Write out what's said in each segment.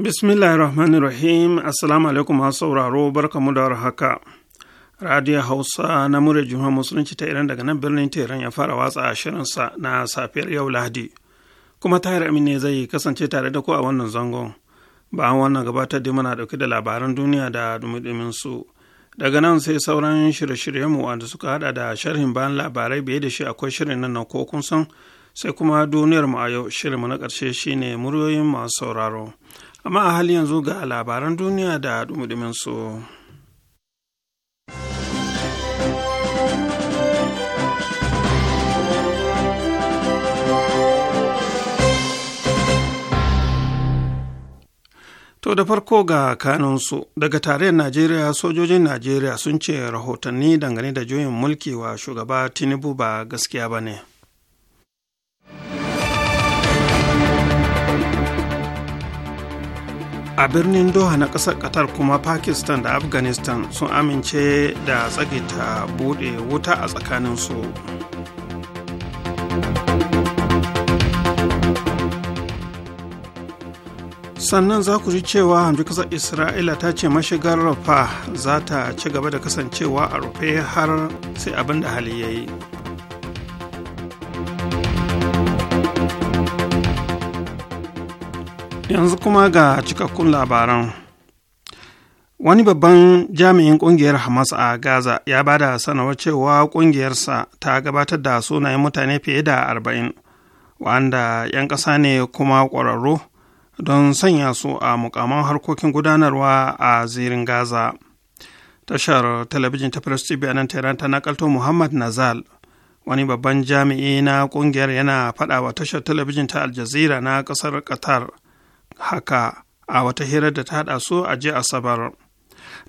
Bismillahi rahim Assalamu alaikum masu sauraro barkamu da haka. Radio Hausa na murya Juma Musulunci ta Iran daga nan birnin Tehran ya fara watsa a shirinsa na safiyar yau Lahadi. Kuma Tahir Amin ne zai kasance tare da ku a wannan zangon. Bayan wannan gabatar da muna dauke da labaran duniya da dumudumin su. Daga nan sai sauran shirye-shiryenmu wanda suka hada da sharhin bayan labarai biye da shi akwai shirin nan na ko kun san sai kuma duniyar mu a yau shirin mu na ƙarshe shine muryoyin masu sauraro. amma a hali yanzu ga labaran duniya da dumudumin su. To da farko ga kanunsu daga tarayyar Najeriya sojojin Najeriya sun ce rahotanni dangane da juyin mulki wa shugaba Tinubu ba gaskiya ba ne. a birnin doha na ƙasar qatar kuma pakistan da afghanistan sun amince da tsagita bude wuta a tsakaninsu sannan za ku ji cewa hamdu kasar isra'ila ta ce mashigar rafa za ta ci gaba da kasancewa a rufe har sai abin da hali ya yi yanzu kuma ga cikakkun labaran wani babban jami'in kungiyar hamas a gaza ya ba da sanarwar cewa kungiyarsa ta gabatar da sunayen mutane fiye da arba'in wanda 'yan ƙasa ne kuma ƙwararru don sanya su a mukamman harkokin gudanarwa a zirin gaza tashar talabijin ta press tv a nan tehran ta nakalto muhammad nazal wani babban jami'i na kungiyar yana faɗa wa tashar talabijin ta al na ƙasar qatar haka a wata hirar da ta haɗa su a jiya asabar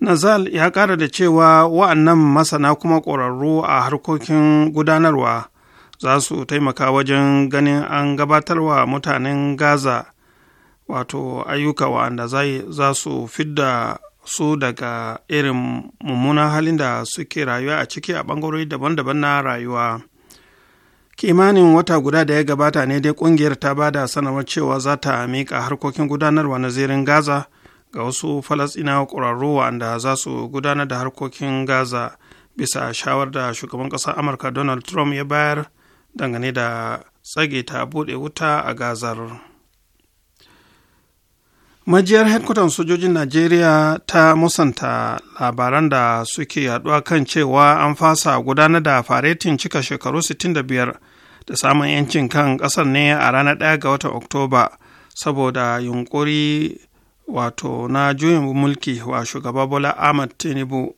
nazal ya ƙara da cewa wa'annan masana kuma ƙwararru a harkokin gudanarwa za su taimaka wajen ganin an gabatarwa mutanen gaza wato ayyuka wa'anda za su fidda su daga irin mummunan halin da suke rayuwa a ciki a ɓangarori daban-daban na rayuwa kimanin wata guda da ya gabata ne dai kungiyar ta ba da sanarwar cewa za ta miƙa harkokin gudanarwa na zirin gaza ga wasu falasɗinawa ƙwararru wanda za su gudanar da harkokin gaza bisa shawar da shugaban ƙasar amurka donald trump ya bayar dangane da tsage ta buɗe wuta a gazar majiyar headquarter sojojin najeriya ta musanta labaran da suke yaduwa kan cewa an fasa gudanar da faretin cika shekaru 65 da samun 'yancin kan ƙasar ne a ranar 1 ga watan oktoba saboda yunkuri wato na juyin mulki wa shugaba bola ahmad tinubu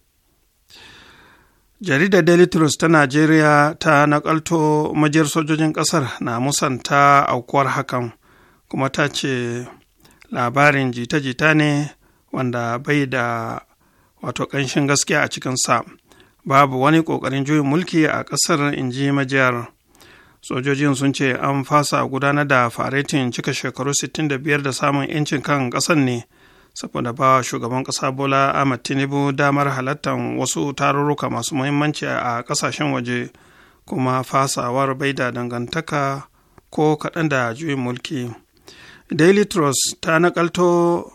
jaridar daily trust ta najeriya ta nakalto majiyar sojojin ƙasar na musanta aukuwar hakan kuma ta ce labarin jita-jita ne wanda bai da wato ƙanshin gaskiya a cikinsa babu wani ƙoƙarin juyin mulki a ƙasar inji majiyar sojojin sun ce an fasa gudanar da faretin cika shekaru 65 da samun 'yancin kan ƙasar ne saboda ba shugaban ƙasa bola ahmad tinubu damar halartar wasu tarurruka masu muhimmanci a ƙasashen waje kuma fasawar bai da dangantaka ko kaɗan da juyin mulki daily trust ta nakalto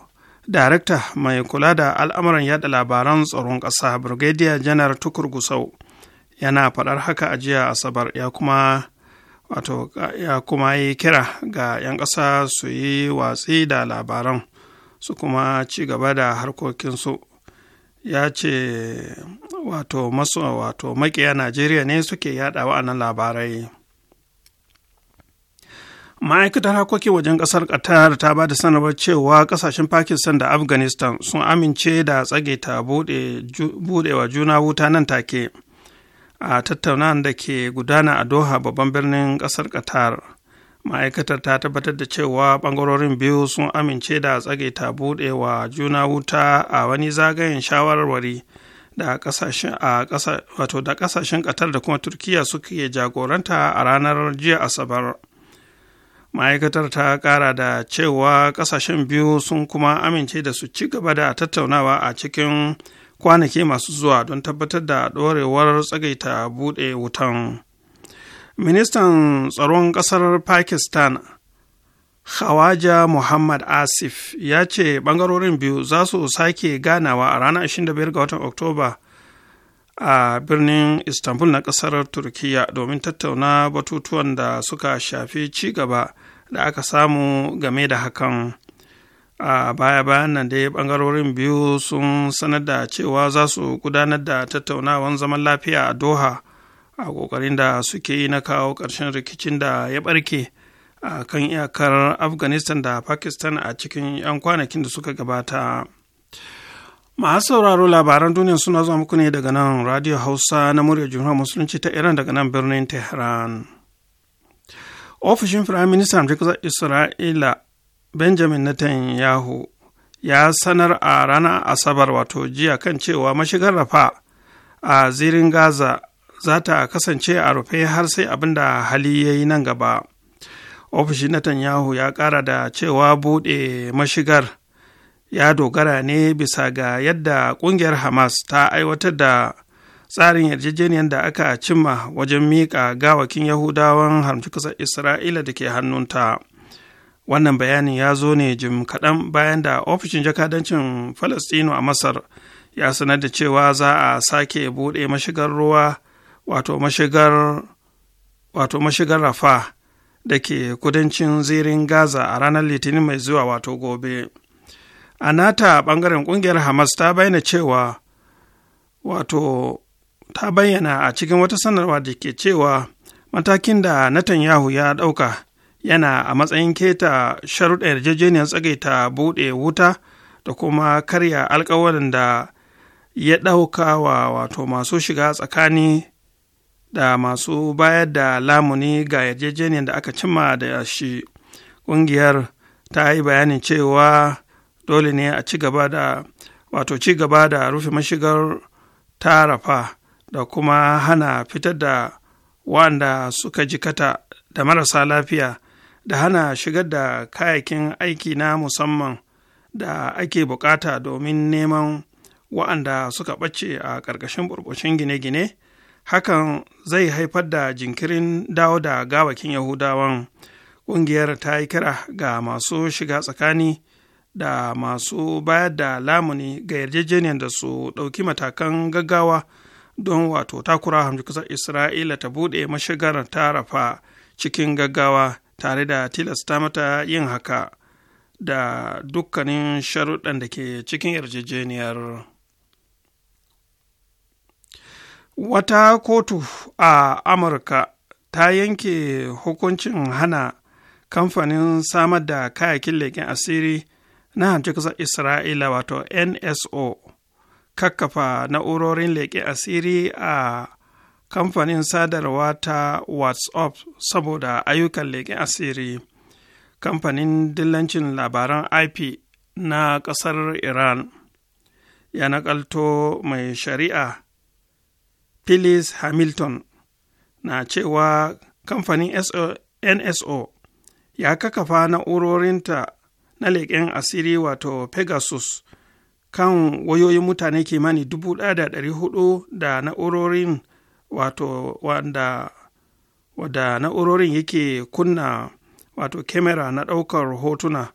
darakta mai kula da al'amuran yada labaran tsaron ƙasa brigadier janar tukur gusau yana faɗar haka a jiya asabar ya kuma wato ya kuma yi kira ga 'yan ƙasa su yi watsi da labaran su kuma ci gaba da harkokinsu ya ce wato maso wato makiya najeriya ne suke yada wa'annan labarai ma'aikatar harkokin wajen ƙasar qatar ta ba da sanarwar cewa ƙasashen pakistan da afghanistan sun amince da tsage ta buɗewa juna wuta nan take a tattaunawan da ke gudana a doha babban birnin ƙasar qatar ma'aikatar ta tabbatar da cewa ɓangarorin biyu sun amince da tsage ta buɗewa juna wuta a wani zagayen shawarwari da ƙasashen qatar da kuma turkiya suke jagoranta a ranar jiya asabar ma'aikatar ta ƙara da cewa ƙasashen biyu sun kuma amince da su ci gaba da tattaunawa a cikin kwanaki masu zuwa don tabbatar da ɗorewar tsagaita buɗe wutan ministan tsaron ƙasar pakistan Khawaja Muhammad Asif ya ce ɓangarorin biyu za su sake ganawa a ranar 25 ga watan Oktoba a birnin Istanbul na ƙasar Turkiyya domin tattauna batutuwan da suka shafi ci gaba da aka samu game da hakan. a baya bayan nan dai bangarorin biyu sun sanar da cewa za su gudanar da tattaunawan zaman lafiya a doha a ƙoƙarin da suke yi na kawo ƙarshen rikicin da ya ɓarke a kan iyakar afghanistan da pakistan a cikin 'yan kwanakin da suka gabata masu sauraro labaran duniya suna zuwa muku ne daga nan radio hausa na murya jihar musulunci ta iran daga nan birnin tehran ofishin firayim ministan isra'ila benjamin netanyahu ya sanar a ranar asabar wato jiya kan cewa mashigar rafa a zirin gaza za ta kasance a rufe har sai abin da hali ya yi nan gaba ofishin netanyahu ya kara da cewa bude mashigar ya dogara ne bisa ga yadda kungiyar hamas ta aiwatar da tsarin yarjejeniyar da aka cimma wajen miƙa gawakin yahudawan haramci ƙasar isra'ila da ke hannunta wannan bayanin ya zo ne jim kaɗan bayan da ofishin jakadancin falastino a masar ya sanar da cewa za a sake buɗe mashigar ruwa wato mashigar rafa da ke kudancin zirin gaza a ranar litinin mai zuwa wato gobe a nata ɓangaren ƙungiyar hamas ta bayyana cewa wato ta bayyana a cikin wata sanarwa da ke cewa matakin da Netanyahu ya ɗauka yana a matsayin keta sharuɗa yarjejeniyar tsagaita buɗe wuta da kuma karya alkawarin da ya ɗauka wa wato masu shiga tsakani da masu bayar da lamuni ga yarjejeniyar da aka cimma da shi ƙungiyar ta yi bayanin cewa dole ne a ci gaba da wato ci gaba da rufe mashigar tarafa da kuma hana fitar da wanda suka jikata da marasa lafiya da hana shigar da kayakin aiki na musamman da ake bukata domin neman wa'anda suka ɓace a ƙarƙashin burbushin gine-gine hakan zai haifar da jinkirin dawo da gawakin yahudawan ƙungiyar ta yi kira ga masu shiga tsakani da masu bayar da lamuni ga yarjejeniyar da su ɗauki matakan gaggawa don wato takura hamjikusar isra'ila ta buɗe mashigar ta rafa cikin gaggawa tare da tilasta mata yin haka da dukkanin sharuɗan da ke cikin yarjejeniyar wata kotu a amurka ta yanke hukuncin hana kamfanin samar da kayakin leƙen asiri na hamci kusa isra'ila wato nso kakkafa na'urorin leƙen asiri a kamfanin sadarwa ta whatsapp saboda ayyukan leƙen asiri kamfanin dillancin labaran ip na ƙasar iran ya naƙalto mai shari'a phyllis hamilton na cewa kamfanin nso ya kakafa na'urorinta na leƙen asiri wato pegasus kan wayoyin mutane kimanin 1,400 da na'urorin wato wanda na'urorin yake kunna wato kamera na ɗaukar hotuna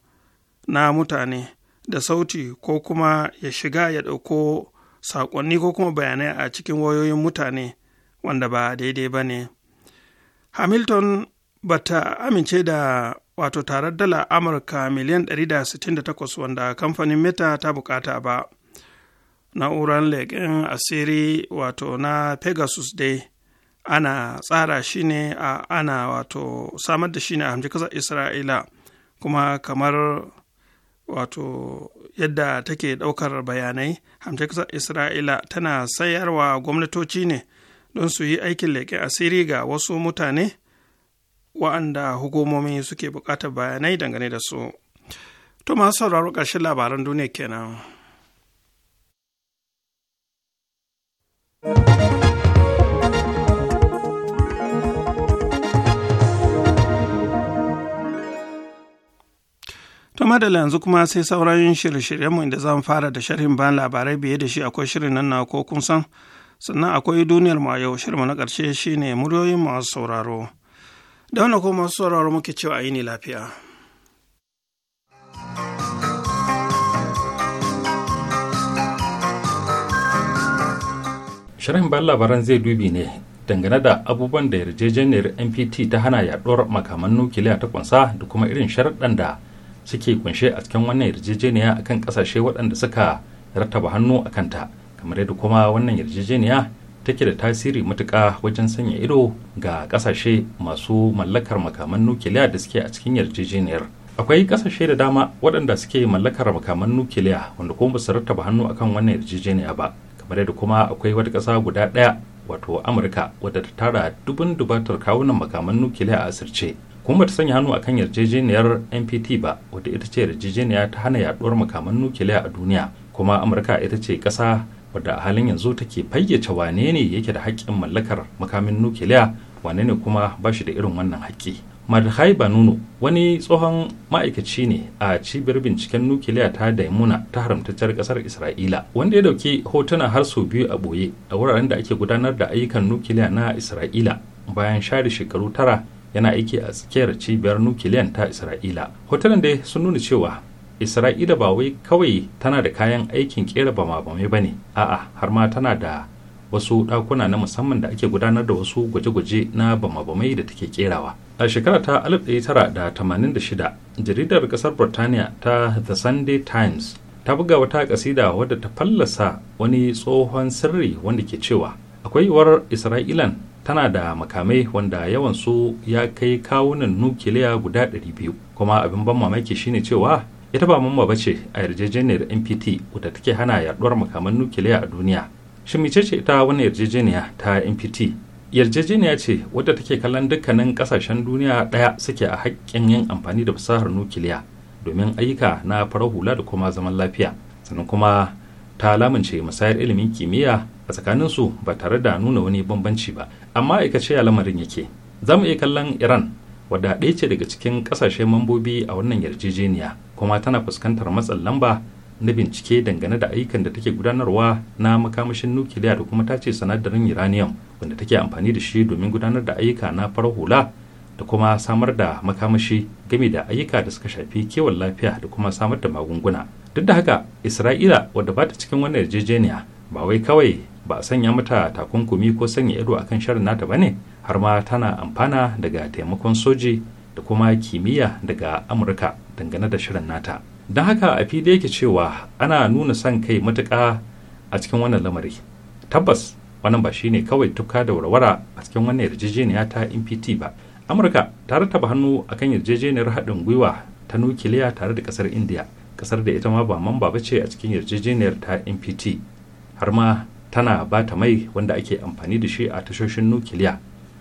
na mutane da sauti ko kuma ya shiga ya ɗauko saƙonni ko kuma bayanai a cikin wayoyin mutane wanda ba daidai ba ne hamilton ba ta amince da wato tarar dala amurka miliyan 168 wanda kamfanin meta ta bukata ba na'urar leƙen asiri wato na pegasus dai ana tsara shi ne a ana wato samar da shi ne a hamji ƙasar isra'ila kuma kamar wato yadda take ɗaukar bayanai hamji ƙasar isra'ila tana sayarwa gwamnatoci ne don su yi aikin leƙen asiri ga wasu mutane wa'anda hukumomi suke buƙatar bayanai dangane da su to masu sauraro ƙarshen labaran duniya kenan. To madalla yanzu kuma sai sauran shirye-shiryenmu inda zan fara da sharhin ban labarai biye da shi akwai shirin nan na ko kun san sannan akwai duniyar mu a yau shirinmu na ƙarshe shine muryoyin masu sauraro. Da wannan ko masu sauraro muke cewa yi ne lafiya. Sharhin ban labaran zai dubi ne dangane da abubuwan da yarjejeniyar NPT ta hana yaduwar makaman nukiliya ta kunsa da kuma irin sharaɗan da suke kunshe a cikin wannan yarjejeniya akan kasashe waɗanda suka rattaba hannu a kanta kamar yadda kuma wannan yarjejeniya take da tasiri matuka wajen sanya ido ga ƙasashe masu mallakar makaman nukiliya da suke a cikin yarjejeniyar akwai ƙasashe da dama waɗanda suke mallakar makaman nukiliya wanda kuma su rattaba hannu akan wannan yarjejeniya ba kamar yadda kuma akwai wata ƙasa guda ɗaya wato amurka wadda ta tara dubun dubatar kawunan makaman nukiliya a asirce kuma bata sanya hannu akan yarjejeniyar npt ba wata ita ce yarjejeniya ta hana yaduwar makaman nukiliya a duniya kuma amurka ita ce ƙasa wadda a halin yanzu take fayyace wane ne yake da haƙƙin mallakar makamin nukiliya wane ne kuma ba shi da irin wannan haƙƙi madhai banuno wani tsohon ma'aikaci ne a cibiyar binciken nukiliya ta daimuna ta haramtacciyar ƙasar isra'ila wanda ya dauki hotuna har sau biyu a boye a wuraren da ake gudanar da ayyukan nukiliya na isra'ila bayan share shekaru tara yana aiki a tsakiyar cibiyar nukiliyan ta isra'ila hotunan dai sun nuna cewa isra'ila ba wai kawai tana da kayan aikin kera bama-bamai ba ne a'a har ma tana da wasu ɗakuna na musamman da ake gudanar da wasu gwaje-gwaje na bama-bamai da take kerawa a shekara ta 1986 jaridar kasar burtaniya ta the sunday times ta buga wata kasida wadda ta fallasa wani tsohon sirri wanda ke cewa akwai yiwuwar isra'ilan tana da makamai wanda yawansu ya kai kawunan nukiliya guda 200 kuma abin ban mamaki shine cewa ita ba mamba bace a yarjejeniyar npt wadda take hana yaduwar makaman nukiliya a duniya shin ce ita wannan yarjejeniya ta npt yarjejeniya ce wadda take kallon dukkanin kasashen duniya daya suke a haƙƙin yin amfani da fasahar nukiliya domin ayyuka na farar hula da kuma zaman lafiya sannan kuma ta lamince musayar ilimin kimiyya a tsakanin su ba tare da nuna wani bambanci ba amma aikace ce lamarin yake za mu iya kallon iran wadda ɗaya ce daga cikin ƙasashe mambobi a wannan yarjejeniya kuma tana fuskantar matsin lamba na bincike dangane da ayyukan da take gudanarwa na makamashin nukiliya da kuma tace sanadarin uranium wanda take amfani da shi domin gudanar da ayyuka na farar hula da kuma samar da makamashi game da ayyuka da suka shafi kewan lafiya da kuma samar da magunguna duk da haka isra'ila wadda ba ta cikin wannan yarjejeniya ba wai kawai ba a sanya mata takunkumi ko sanya ido akan shirin nata bane ne har ma tana amfana daga taimakon soji da kuma kimiyya daga amurka dangane da shirin nata don haka a fili yake cewa ana nuna son kai matuka a cikin wannan lamari tabbas wannan ba shi ne kawai tuka da warwara a cikin wannan yarjejeniya ta npt ba amurka ta rattaba hannu akan yarjejeniyar haɗin gwiwa ta nukiliya tare da ƙasar indiya ƙasar da ita ma ba mamba ba ce a cikin yarjejeniyar ta npt har ma tana ba ta mai wanda ake amfani da shi a tashoshin nukiliya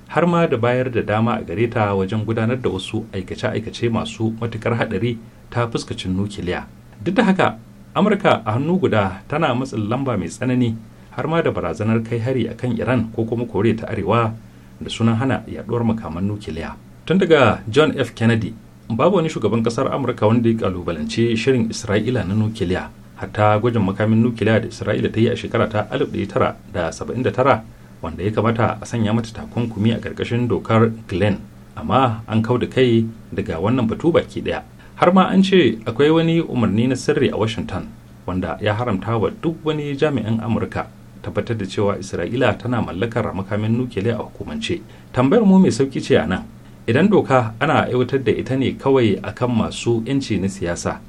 har ma da bayar da dama a gare ta wajen gudanar da wasu aikace-aikace masu matukar haɗari ta fuskacin nukiliya duk da haka amurka a hannu guda tana matsin lamba mai tsanani har ma da barazanar kai hari akan iran ko kuma kore ta arewa da sunan hana yaduwar makaman nukiliya tun daga john f kennedy babu wani shugaban kasar amurka wanda ya kalubalance shirin isra'ila na nukiliya hatta gwajin makamin nukiliya da isra'ila ta yi a shekara ta 1979 wanda ya kamata a sanya mata takunkumi a karkashin dokar glenn amma an kau da kai daga wannan batu baki daya. har ma an ce akwai wani umarni na sirri a washington wanda ya haramta wa duk wani jami'in amurka tabbatar da cewa isra'ila tana mallakar makamin nukiliya a hukumance tambayar mu mai sauki ce a nan idan doka ana aiwatar da ita ne kawai akan masu 'yanci na siyasa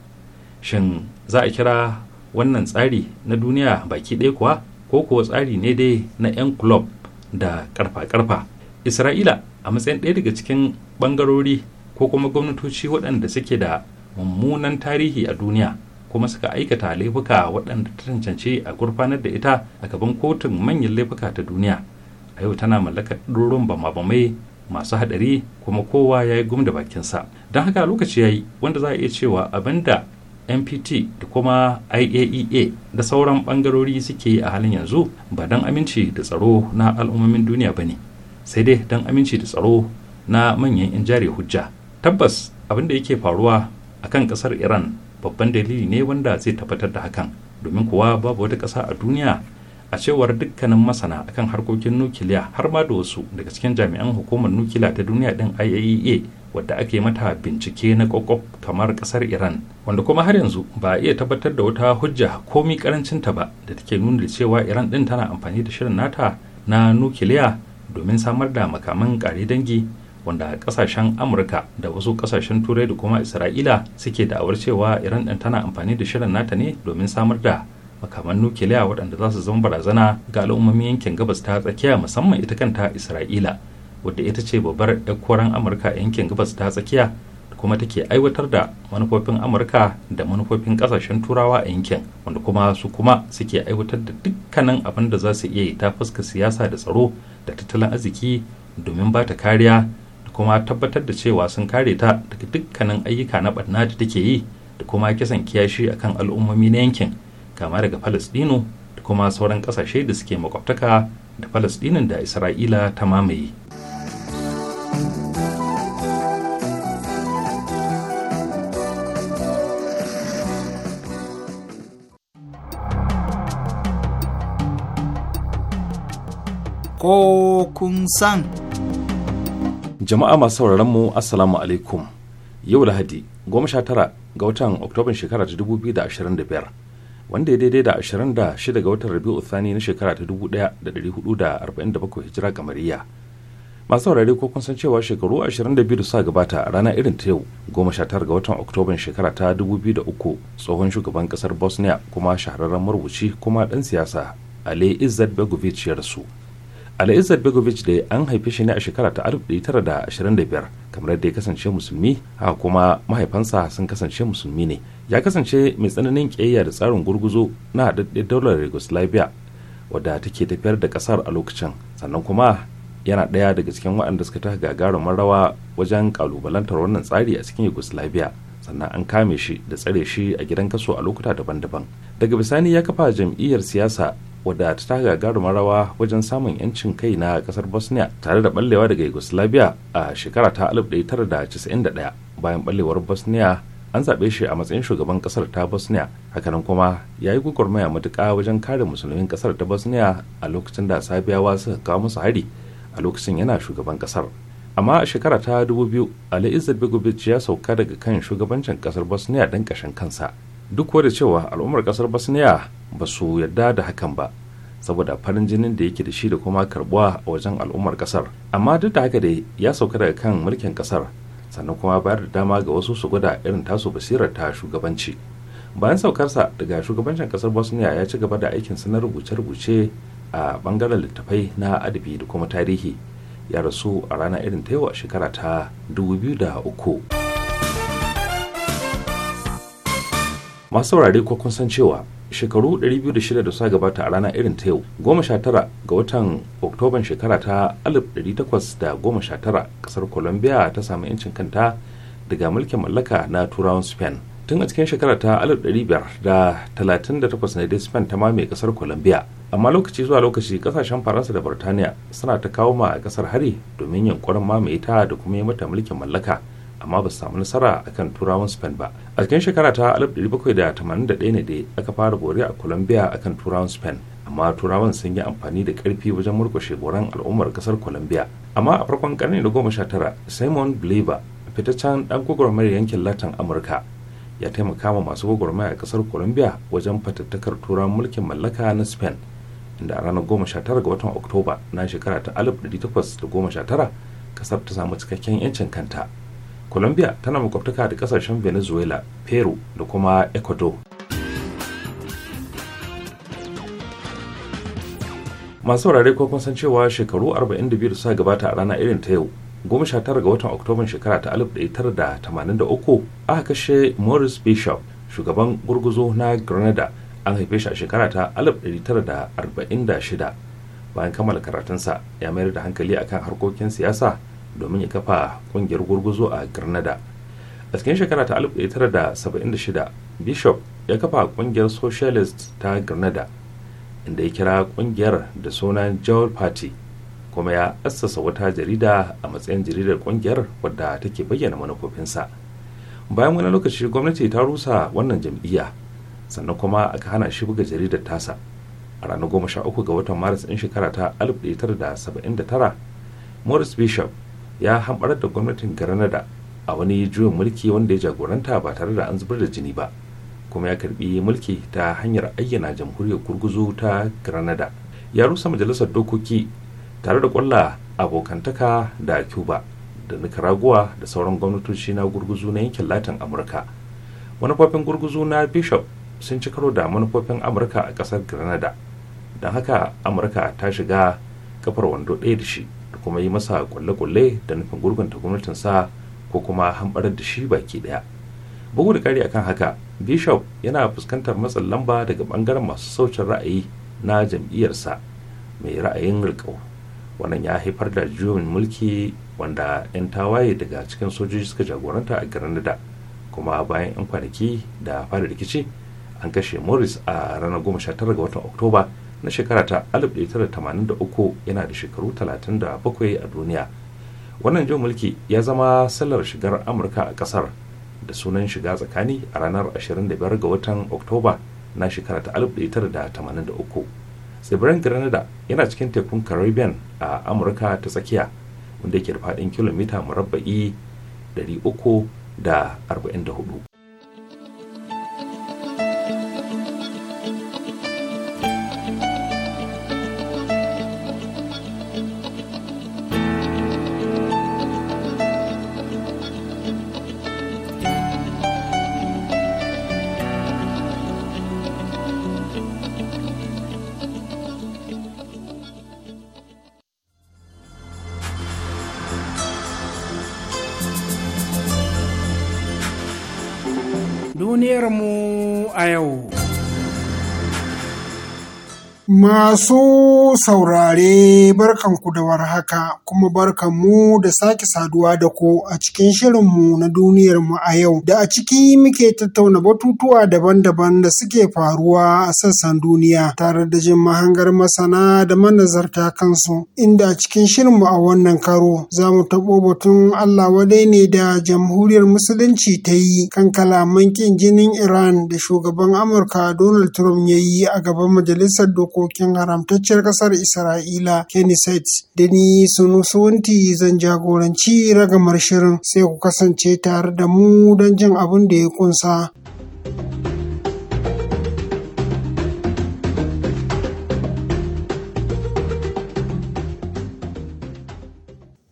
shin za a kira wannan tsari na duniya baki ɗaya kuwa ko kuwa tsari ne dai na 'yan kulob da karfa-karfa isra'ila a matsayin ɗaya daga cikin ɓangarori ko kuma gwamnatoci waɗanda suke da mummunan tarihi a duniya kuma suka aikata laifuka waɗanda ta cancanci a gurfanar da ita a gaban kotun manyan laifuka ta duniya a yau tana mallakar ɗorin bama-bamai masu haɗari kuma kowa ya yi gumda bakinsa don haka lokaci ya yi wanda za a iya cewa abin da npt da kuma iaea e da sauran bangarori suke yi a halin yanzu ba don aminci da tsaro na al'ummomin duniya ba ne sai dai don aminci da tsaro na manyan 'yan jari hujja tabbas abin da yake faruwa a kan kasar iran babban dalili ne wanda zai tabbatar da hakan domin kuwa babu wata ƙasa a duniya a cewar dukkanin masana akan harkokin nukiliya har ma da wasu daga cikin jami'an hukumar nukiliya ta duniya din iaea e wadda ake mata bincike na kokok kamar kasar iran wanda kuma har yanzu ba a iya tabbatar da wata hujja komi karancinta ba da take nuna da cewa iran din tana amfani da shirin nata na nukiliya domin samar da makaman kare dangi wanda kasashen amurka da wasu kasashen turai da kuma isra'ila suke da'awar cewa iran din tana amfani da shirin nata ne domin samar da makaman nukiliya waɗanda za su zama barazana ga al'ummomin yankin gabas ta tsakiya musamman ita kanta isra'ila wadda ita ce babbar yakkoran amurka a yankin gabas ta tsakiya da kuma take aiwatar da manufofin amurka da manufofin kasashen turawa a yankin wanda kuma su kuma suke aiwatar da dukkanin abin da za su iya yi ta fuska siyasa da tsaro da tattalin arziki domin ba ta kariya da kuma tabbatar da cewa sun kare ta daga dukkanin ayyuka na barna da take yi da kuma kisan kiyashi akan al'ummomi na yankin kama daga falastino da kuma sauran kasashe da suke makwabtaka da falastinin da isra'ila ta mamaye ko kun san. Jama'a masu sauraron mu Assalamu alaikum. Yau Lahadi, goma sha tara ga watan Oktoban shekara ta dubu biyu da ashirin da biyar, wanda ya daidai da ashirin da shida ga watan Rabi'u Thani na shekara ta dubu ɗaya da ɗari hudu da arba'in da bakwai hijira kamariya. Masu saurare ko kun san cewa shekaru ashirin da biyu da suka gabata a rana irin ta yau goma sha tara ga watan Oktoban shekara ta dubu biyu da uku tsohon shugaban ƙasar Bosnia kuma shahararren marubuci kuma ɗan siyasa Ali Izzat Begovic ya rasu. Al'izar Begovic da an haife shi ne a shekara ta 1925 kamar da ya kasance musulmi haka kuma mahaifansa sun kasance musulmi ne. Ya kasance mai tsananin ƙiyayya da tsarin gurguzo na haɗaɗɗen daular Yugoslavia wadda take tafiyar da ƙasar a lokacin sannan kuma yana ɗaya daga cikin waɗanda suka ta gagarumin rawa wajen ƙalubalantar wannan tsari a cikin Yugoslavia. sannan an kame shi da tsare shi a gidan kaso a lokuta daban-daban daga bisani ya kafa jam'iyyar siyasa wadda ta taka gagarumin rawa wajen samun 'yancin kai na kasar bosnia tare da ballewa daga yugoslavia a shekara ta 1991 bayan ballewar bosnia an zaɓe shi a matsayin shugaban kasar ta bosnia hakanan kuma ya yi gwagwarmaya matuƙa wajen kare musulmin kasar ta bosnia a lokacin da sabiyawa suka kawo musu hari a lokacin yana shugaban kasar amma a shekara ta 2000 ali izzat begovic ya sauka daga kan shugabancin kasar bosnia don ƙashin kansa duk da cewa al'ummar kasar Bosniya ba su yadda da hakan ba saboda farin jinin da yake da shi da kuma karbuwa a wajen al'ummar kasar amma duk da haka dai ya sauka daga kan mulkin kasar sannan kuma bayar da dama ga wasu su gwada irin tasu basirar ta shugabanci bayan saukarsa daga shugabancin kasar Bosniya ya ci gaba da aikinsa na rubuce-rubuce a bangaren littafai na adabi da kuma tarihi ya rasu a ranar irin ta yau a shekara ta 2003 masu saurare ko kun san cewa shekaru 206 da suka gabata a rana irin ta yau 19 ga watan oktoban shekara ta 1819 kasar colombia ta samu 'yancin kanta daga mulkin mallaka na turawan spain tun a cikin shekara ta 1538 ne dai spain ta mame kasar colombia amma lokaci zuwa lokaci kasashen faransa da birtaniya suna ta kawo ma kasar hari domin yunkurin mamaye ta da kuma yi mata mulkin mallaka amma ba su samu nasara akan turawan spain ba a cikin shekara ta 1781 ne dai aka fara bore a colombia akan turawan spain amma turawan sun yi amfani da karfi wajen murkushe goran al'ummar kasar colombia amma a farkon karni na goma sha tara simon bolivar fitaccen ɗan gwagwarmayar yankin latin amurka ya taimaka ma masu gwagwarmaya a kasar colombia wajen fatattakar turawan mulkin mallaka na spain inda a ranar goma sha tara ga watan oktoba na shekara ta 1819 kasar ta samu cikakken 'yancin kanta colombia tana makwabtaka da kasashen venezuela peru da kuma ecuador masu wurare ko kun san cewa shekaru 42 da suka gabata a rana irin ta yau 19 ga watan oktoban shekara ta 1983 aka kashe morris bishop shugaban gurguzo na grenada an haife shi a shekara ta 1946 bayan kammala karatunsa ya mayar da hankali akan harkokin siyasa domin ya kafa kungiyar gurguzo a grenada a cikin shekara ta 1976 bishop ya kafa kungiyar socialist ta grenada inda ya kira kungiyar da sunan jawar party kuma ya assasa wata jarida a matsayin jaridar kungiyar wadda take bayyana manufofinsa bayan wani lokaci gwamnati ta rusa wannan jam'iyya sannan kuma aka hana shi buga jaridar tasa a ranar 13 ga watan maris ɗin shekara ta 1979 morris bishop ya hamɓarar da gwamnatin granada a wani juyin mulki wanda ya jagoranta ba tare da an zubar da jini ba kuma ya karbi mulki ta hanyar ayyana jamhuriyar gurguzu ta granada ya rusa majalisar dokoki tare da kwalla abokantaka da cuba da nicaragua da sauran gwamnatoci na gurguzu na yankin latin amurka manufofin gurguzu na bishop sun ci karo da manufofin amurka a kasar granada don haka amurka ta shiga kafar wando ɗaya da shi kuma yi masa kulle-kulle da nufin gurgunta sa ko kuma hambarar da shi baki daya bugu da kari akan haka bishop yana fuskantar matsin lamba daga bangaren masu saucin ra'ayi na jam'iyyarsa mai ra'ayin rikau wannan ya haifar da juyin mulki wanda 'yan tawaye daga cikin sojoji suka jagoranta a granada kuma bayan 'yan kwanaki da fara rikici an kashe morris a ranar 19 ga watan oktoba na shekara ta 1983 yana da shekaru 37 a duniya wannan jin mulki ya zama sallar shigar amurka a kasar da sunan shiga tsakani a ranar 25 ga watan oktoba na shekara ta 1983 tsibirin grenada yana cikin tekun caribbean a amurka ta tsakiya wanda ke da faɗin kilomita murabba'i 344 I Masu saurare barkanku da haka, kuma barkanmu da sake saduwa da ku a cikin shirinmu na duniyarmu a yau da a ciki muke tattauna batutuwa daban-daban da suke faruwa a sassan duniya tare da jin mahangar masana da manazarta kansu inda a cikin shirinmu a wannan karo za mu taɓo batun Allah wadai ne da jamhuriyar musulunci ta yi kan kalaman kin jinin Iran da shugaban Amurka Donald Trump ya yi a gaban majalisar dokoki iyakokin haramtacciyar ƙasar Isra'ila Kenneth da ni Sunusuwanti zan jagoranci ragamar shirin sai ku kasance tare da mu don jin abin da ya kunsa.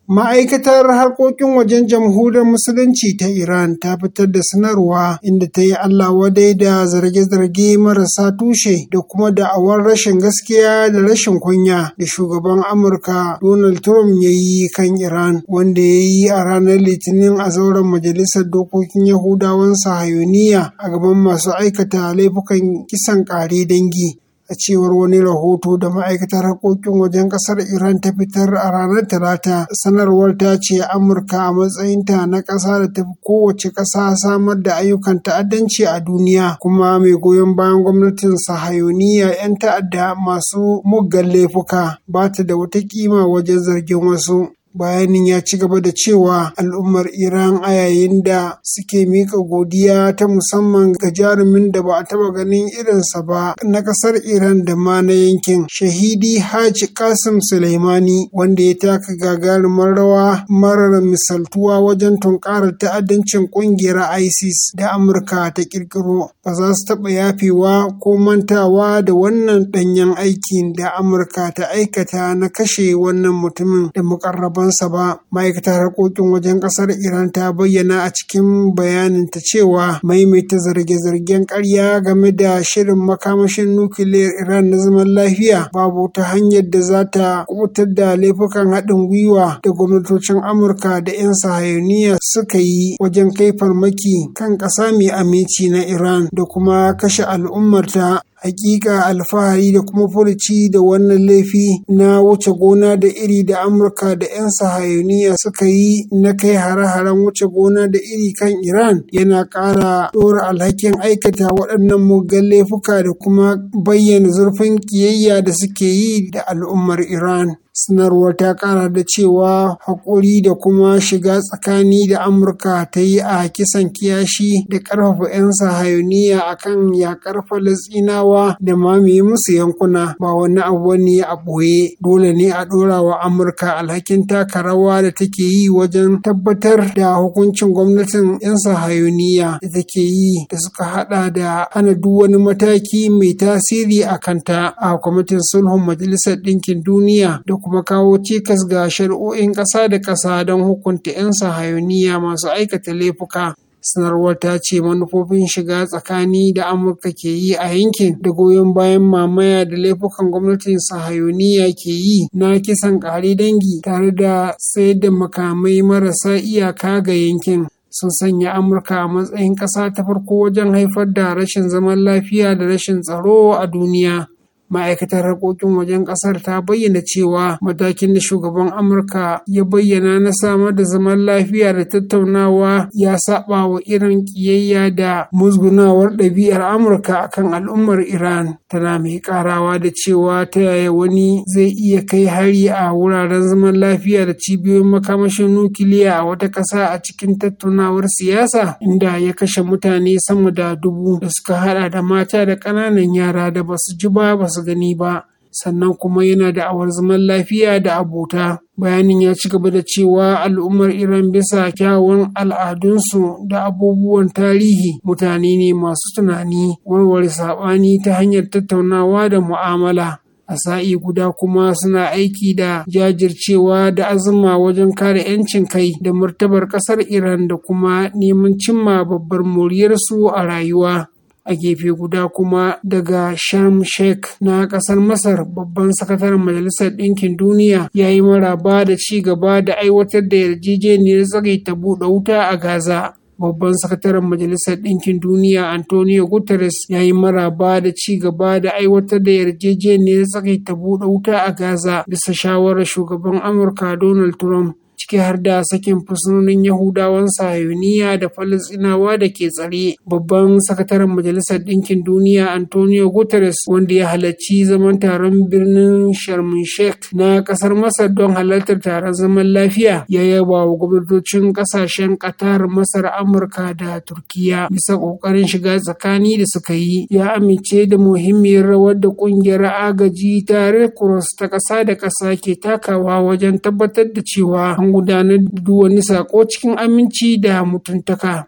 Ma'aikatar harkokin wajen jamhuriyar Musulunci ta Iran ta fitar da sanarwa inda ta yi Allah wadai da zarge-zarge marasa tushe da kuma da'awar rashin gaskiya da rashin kunya da shugaban Amurka Donald Trump ya yi kan Iran wanda ya yi a ranar Litinin a zauren Majalisar Dokokin Yahudawan Sahayuniya a gaban masu aikata laifukan kisan ƙare dangi. a cewar wani rahoto da ma'aikatar harkokin wajen ƙasar iran ta fitar a ranar talata sanarwar ta ce amurka a matsayinta na ƙasa da ta fi kowace ƙasa samar da ayyukan ta'addanci a duniya kuma mai goyon bayan gwamnatin sahayoniya 'yan ta'adda masu muggan laifuka ba ta da wata kima wajen zargin wasu bayanin ya ci gaba da cewa al'ummar iran a yayin da suke miƙa godiya ta musamman ga jarumin da ba a taɓa ganin irinsa ba na ƙasar iran da ma na yankin shahidi haji kasim suleimani wanda ya taka gagarumar rawa marar misaltuwa wajen tunkarar ta'addancin ƙungiyar isis da amurka ta ƙirƙiro ba za su taba yafewa ko mantawa da wannan danyen aikin da amurka ta aikata na kashe wannan mutumin da mukarraban zaɓensa ba. Ma'aikatar harkokin wajen ƙasar Iran ta bayyana a cikin bayaninta cewa maimaita zarge-zargen karya game da shirin makamashin nukiliyar Iran na zaman lafiya babu ta hanyar da za ta kubutar da laifukan haɗin gwiwa da gwamnatocin Amurka da 'yan sahayuniya suka yi wajen kai farmaki kan ƙasa mai aminci na Iran da kuma kashe al'ummarta hakika alfahari da kuma furuci da wannan laifi na wuce gona da iri da amurka da 'yan sahayuniya suka yi na kai hare-haren wuce gona da iri kan iran yana ƙara ɗora alhakin aikata waɗannan muggan laifuka da kuma bayyana zurfin kiyayya da suke yi da al'ummar iran Sanarwar ta kara da cewa haƙuri da kuma shiga tsakani da Amurka ta yi a kisan kiyashi da ƙarfafa 'yan sahayoniya a kan yaƙar latsinawa, da mamaye musu yankuna ba wani abu ne a ɓoye dole ne a ɗora wa Amurka alhakin taka rawa da take yi wajen tabbatar da hukuncin gwamnatin 'yan sahayoniya da take yi da suka haɗa da ana duk wani mataki mai tasiri a kanta a kwamitin sulhun Majalisar Ɗinkin Duniya da kuma kawo cikas ga shari'o'in ƙasa da ƙasa don hukunta 'yan sahayoniya masu aikata laifuka sanarwar ta ce manufofin shiga tsakani da amurka ke yi a yankin da goyon bayan mamaya da laifukan gwamnatin sahayoniya ke yi na kisan ƙari dangi tare da sayar da makamai marasa iyaka ga yankin sun sanya amurka a matsayin ƙasa ta farko wajen haifar da rashin zaman lafiya da rashin tsaro a duniya ma'aikatar harkokin wajen ƙasar ta bayyana cewa matakin da shugaban amurka ya bayyana na samar da zaman lafiya da tattaunawa ya saba wa irin ƙiyayya da musgunawar ɗabi'ar amurka akan al'ummar iran tana mai ƙarawa da cewa ta yaya wani zai iya kai hari a wuraren zaman lafiya da cibiyoyin makamashin nukiliya a wata ƙasa a cikin tattaunawar siyasa inda ya kashe mutane sama da dubu da suka hada da mata da ƙananan yara da basu ji ba basu gani ba sannan kuma yana da awar zaman lafiya da abota bayanin ya ci gaba da cewa al'ummar iran bisa kyawun al'adunsu da abubuwan tarihi mutane ne masu tunani warware saɓani ta hanyar tattaunawa da mu'amala a sa'i guda kuma suna aiki da jajircewa da azuma wajen kare 'yancin kai da martabar ƙasar iran da kuma neman cimma babbar moriyarsu a rayuwa a gefe guda kuma daga Sham sheikh na kasar masar babban sakataren majalisar ɗinkin duniya ya yi maraba da ci gaba da aiwatar da yarjejeniyar ta buɗe wuta a gaza babban sakataren majalisar ɗinkin duniya antonio guterres ya yi maraba da ci gaba da aiwatar da yarjejeniyar ta buɗe wuta a gaza bisa shawarar shugaban amurka donald trump ciki har da sakin fursunonin Yahudawan Sahayuniya da Falasɗinawa da ke tsare. Babban sakataren Majalisar Ɗinkin Duniya Antonio Guterres wanda ya halarci zaman taron birnin Sharm el-Sheikh na ƙasar Masar don halartar taron zaman lafiya ya yaba wa gwamnatocin ƙasashen Qatar, Masar, Amurka da Turkiya bisa ƙoƙarin shiga tsakani da suka yi. Ya amince da muhimmiyar rawar da ƙungiyar agaji tare Cross ta ƙasa da ƙasa ke takawa wajen tabbatar da cewa an gudanar da wani saƙo cikin aminci da mutuntaka.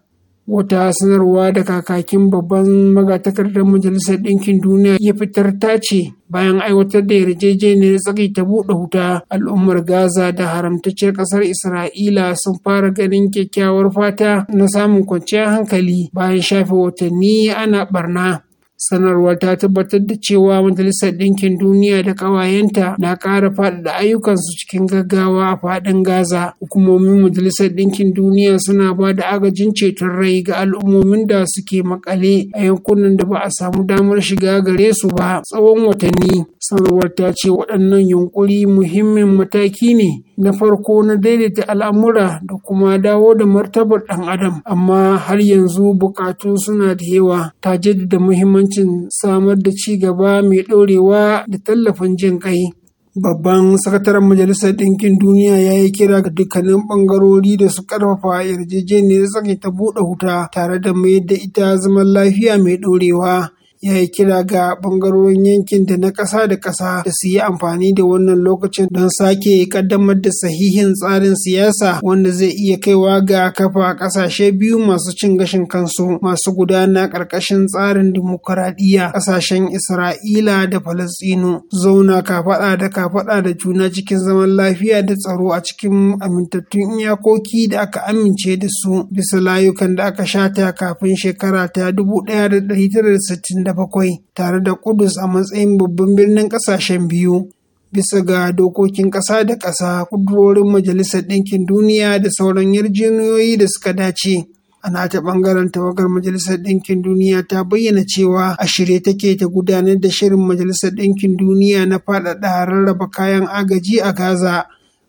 Wata sanarwa da kakakin babban magatakardar Majalisar Ɗinkin Duniya ya fitar ta ce bayan aiwatar da yarjejeniyar tsaki ta buɗe wuta al'ummar Gaza da haramtacciyar ƙasar Isra'ila sun fara ganin kyakkyawar fata na samun kwanciyar hankali bayan shafe watanni ana barna. sanarwar ta tabbatar da cewa majalisar ɗinkin duniya da ƙawayenta na ƙara faɗaɗa ayyukansu cikin gaggawa a faɗin gaza hukumomin majalisar ɗinkin duniya suna ba da agajin ceton rai ga al'ummomin da suke makale a yankunan da ba a samu damar shiga gare su ba tsawon watanni sanarwar ta ce waɗannan yunƙuri muhimmin mataki ne na farko na daidaita al'amura da kuma dawo da martabar ɗan adam amma har yanzu bukatu suna da yawa ta jaddada muhimmancin samar da ci gaba mai ɗorewa da tallafin jin kai babban sakataren majalisar ɗinkin duniya ya yi kira ga dukkanin ɓangarori da su ƙarfafa yarjejeniyar tsaki buɗe wuta tare da mai da ita zaman lafiya mai ɗorewa ya yi kira ga ɓangarorin yankin da na ƙasa da ƙasa da su yi amfani da wannan lokacin don sake ƙaddamar da sahihin tsarin siyasa wanda zai iya kaiwa ga kafa ƙasashe biyu masu cin gashin kansu masu gudana ƙarƙashin tsarin dimokuraɗiyya ƙasashen Isra'ila da Falasɗinu zauna kafaɗa da kafaɗa da juna cikin zaman lafiya da tsaro a cikin amintattun iyakoki da aka amince da su bisa layukan da aka shata kafin shekara ta 1967 bakwai tare da Kudus a matsayin babban birnin ƙasashen biyu. Bisa ga dokokin ƙasa da ƙasa, ƙudurorin Majalisar Ɗinkin Duniya da sauran yarjejeniyoyi da suka dace. a nata bangaren tawagar majalisar ɗinkin duniya ta bayyana cewa a shirye take ta gudanar da shirin majalisar ɗinkin duniya na faɗaɗa rarraba kayan agaji a gaza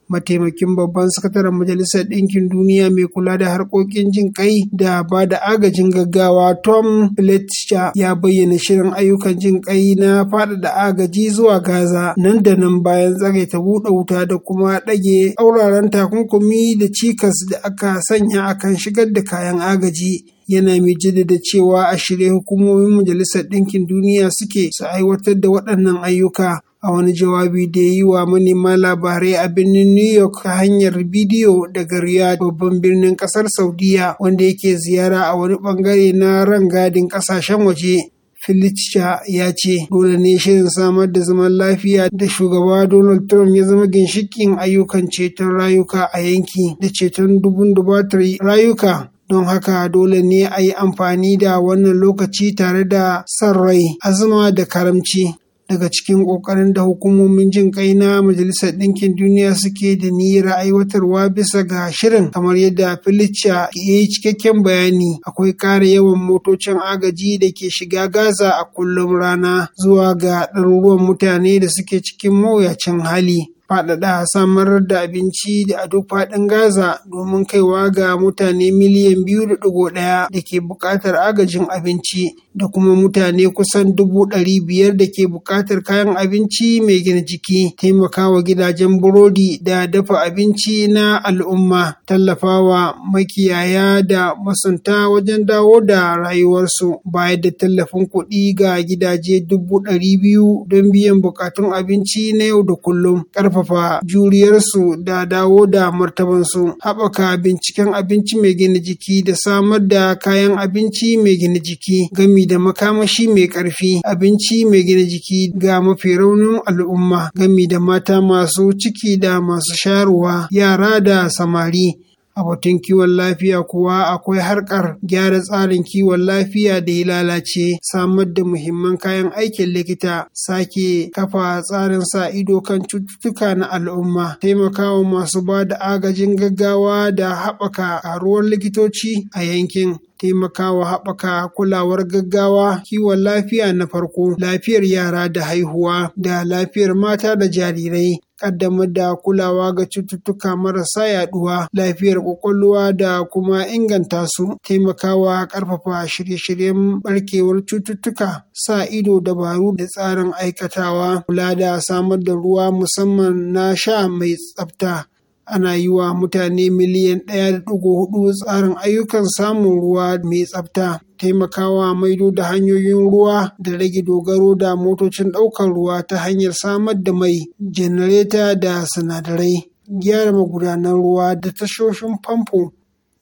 mataimakin babban sakataren majalisar ɗinkin duniya mai kula da harkokin jin kai da ba da agajin gaggawa tom fletcher ya bayyana shirin ayyukan jin kai na faɗaɗa agaji zuwa gaza nan da nan bayan tsare ta buɗe wuta da kuma ɗage auraren takunkumi da cikas da aka sanya akan shigar da kayan agaji yana mai jaddada cewa a shirye hukumomin majalisar ɗinkin duniya suke su aiwatar da waɗannan ayyuka a wani jawabi da ya yi wa manema labarai a birnin New York ta hanyar bidiyo daga Riyadh babban birnin kasar Saudiya wanda yake ziyara a wani bangare na ran gadin kasashen waje. Filicha ya ce dole ne shirin samar da zaman lafiya da shugaba Donald Trump ya zama ginshikin ayyukan ceton rayuka a yanki da ceton dubun dubatar rayuka don haka dole ne a yi amfani da wannan lokaci tare da san rai azuma da karamci daga cikin ƙoƙarin da hukumomin jin kai na Majalisar Ɗinkin Duniya suke da niyyar aiwatarwa bisa ga shirin kamar yadda Filicia ke yi cikakken bayani akwai ƙara yawan motocin agaji da ke shiga Gaza a kullum rana zuwa ga ɗaruruwan mutane da suke cikin mawuyacin hali. faɗaɗa samar da abinci a duk faɗin Gaza domin kaiwa ga mutane miliyan biyu da ɗigo ɗaya da ke buƙatar agajin abinci da kuma mutane kusan dubu ɗari biyar da ke buƙatar kayan abinci mai gina jiki, taimakawa gidajen burodi da dafa abinci na al'umma, tallafawa makiyaya da masunta wajen dawo da rayuwarsu bayar da tallafin kuɗi ga gidaje dubu ɗari biyu don biyan buƙatun abinci na yau da kullum. ƙarfafa juriyarsu da dawo da martabansu haɓaka binciken abinci mai gina jiki da samar da kayan abinci mai gina jiki gami da makamashi mai ƙarfi abinci mai gina jiki ga mafi raunin al'umma gami da mata masu ciki da masu sharuwa yara da samari A batun kiwon lafiya kuwa akwai harkar gyara tsarin kiwon lafiya da ya lalace, samar da muhimman kayan aikin likita, sake kafa tsarin sa ido kan cututtuka na al'umma, taimakawa masu ba da agajin gaggawa da haɓaka a ruwan likitoci a yankin. taimakawa haɓaka kulawar gaggawa kiwon lafiya na farko lafiyar yara da haihuwa da lafiyar mata da jarirai ƙaddamar da kulawa ga cututtuka marasa yaduwa, lafiyar kwakwalwa da kuma inganta su, taimakawa ƙarfafa shirye-shiryen barkewar cututtuka, sa ido dabaru da tsarin aikatawa, kula da samar da ruwa musamman na sha mai tsafta. ana yi wa mutane miliyan ɗaya da hudu tsarin ayyukan samun ruwa mai tsafta taimakawa maido da hanyoyin ruwa da rage dogaro da motocin ɗaukar ruwa ta hanyar samar da mai, janareta da sinadarai. gyara magudanan ruwa da tashoshin famfo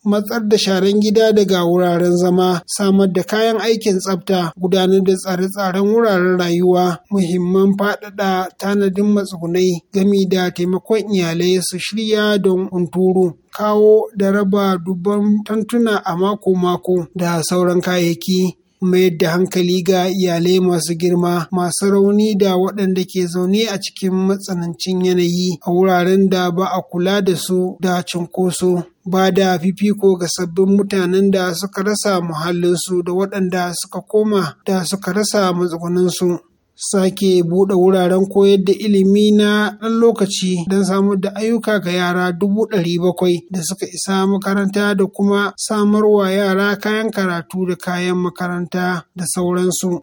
matsar da sharan gida daga wuraren zama, samar da kayan aikin tsafta, gudanar da tsare-tsaren wuraren rayuwa, muhimman faɗaɗa tanadin matsugunai, gami da taimakon iyalai su shirya don hunturu. kawo da raba dubban tantuna a mako-mako da sauran kayayyaki mayar da hankali ga iyalai masu girma masu rauni da waɗanda ke zaune a cikin matsanancin yanayi a wuraren da ba a kula da su da cunkoso ba da fifiko ga sabbin mutanen da suka rasa muhallinsu da waɗanda suka koma da suka rasa matsugunansu. sake buɗe wuraren koyar da ilimi na ɗan lokaci don samar da ayyuka ga yara dubu ɗari bakwai da suka isa makaranta da kuma samarwa yara kayan karatu da kayan makaranta da sauransu.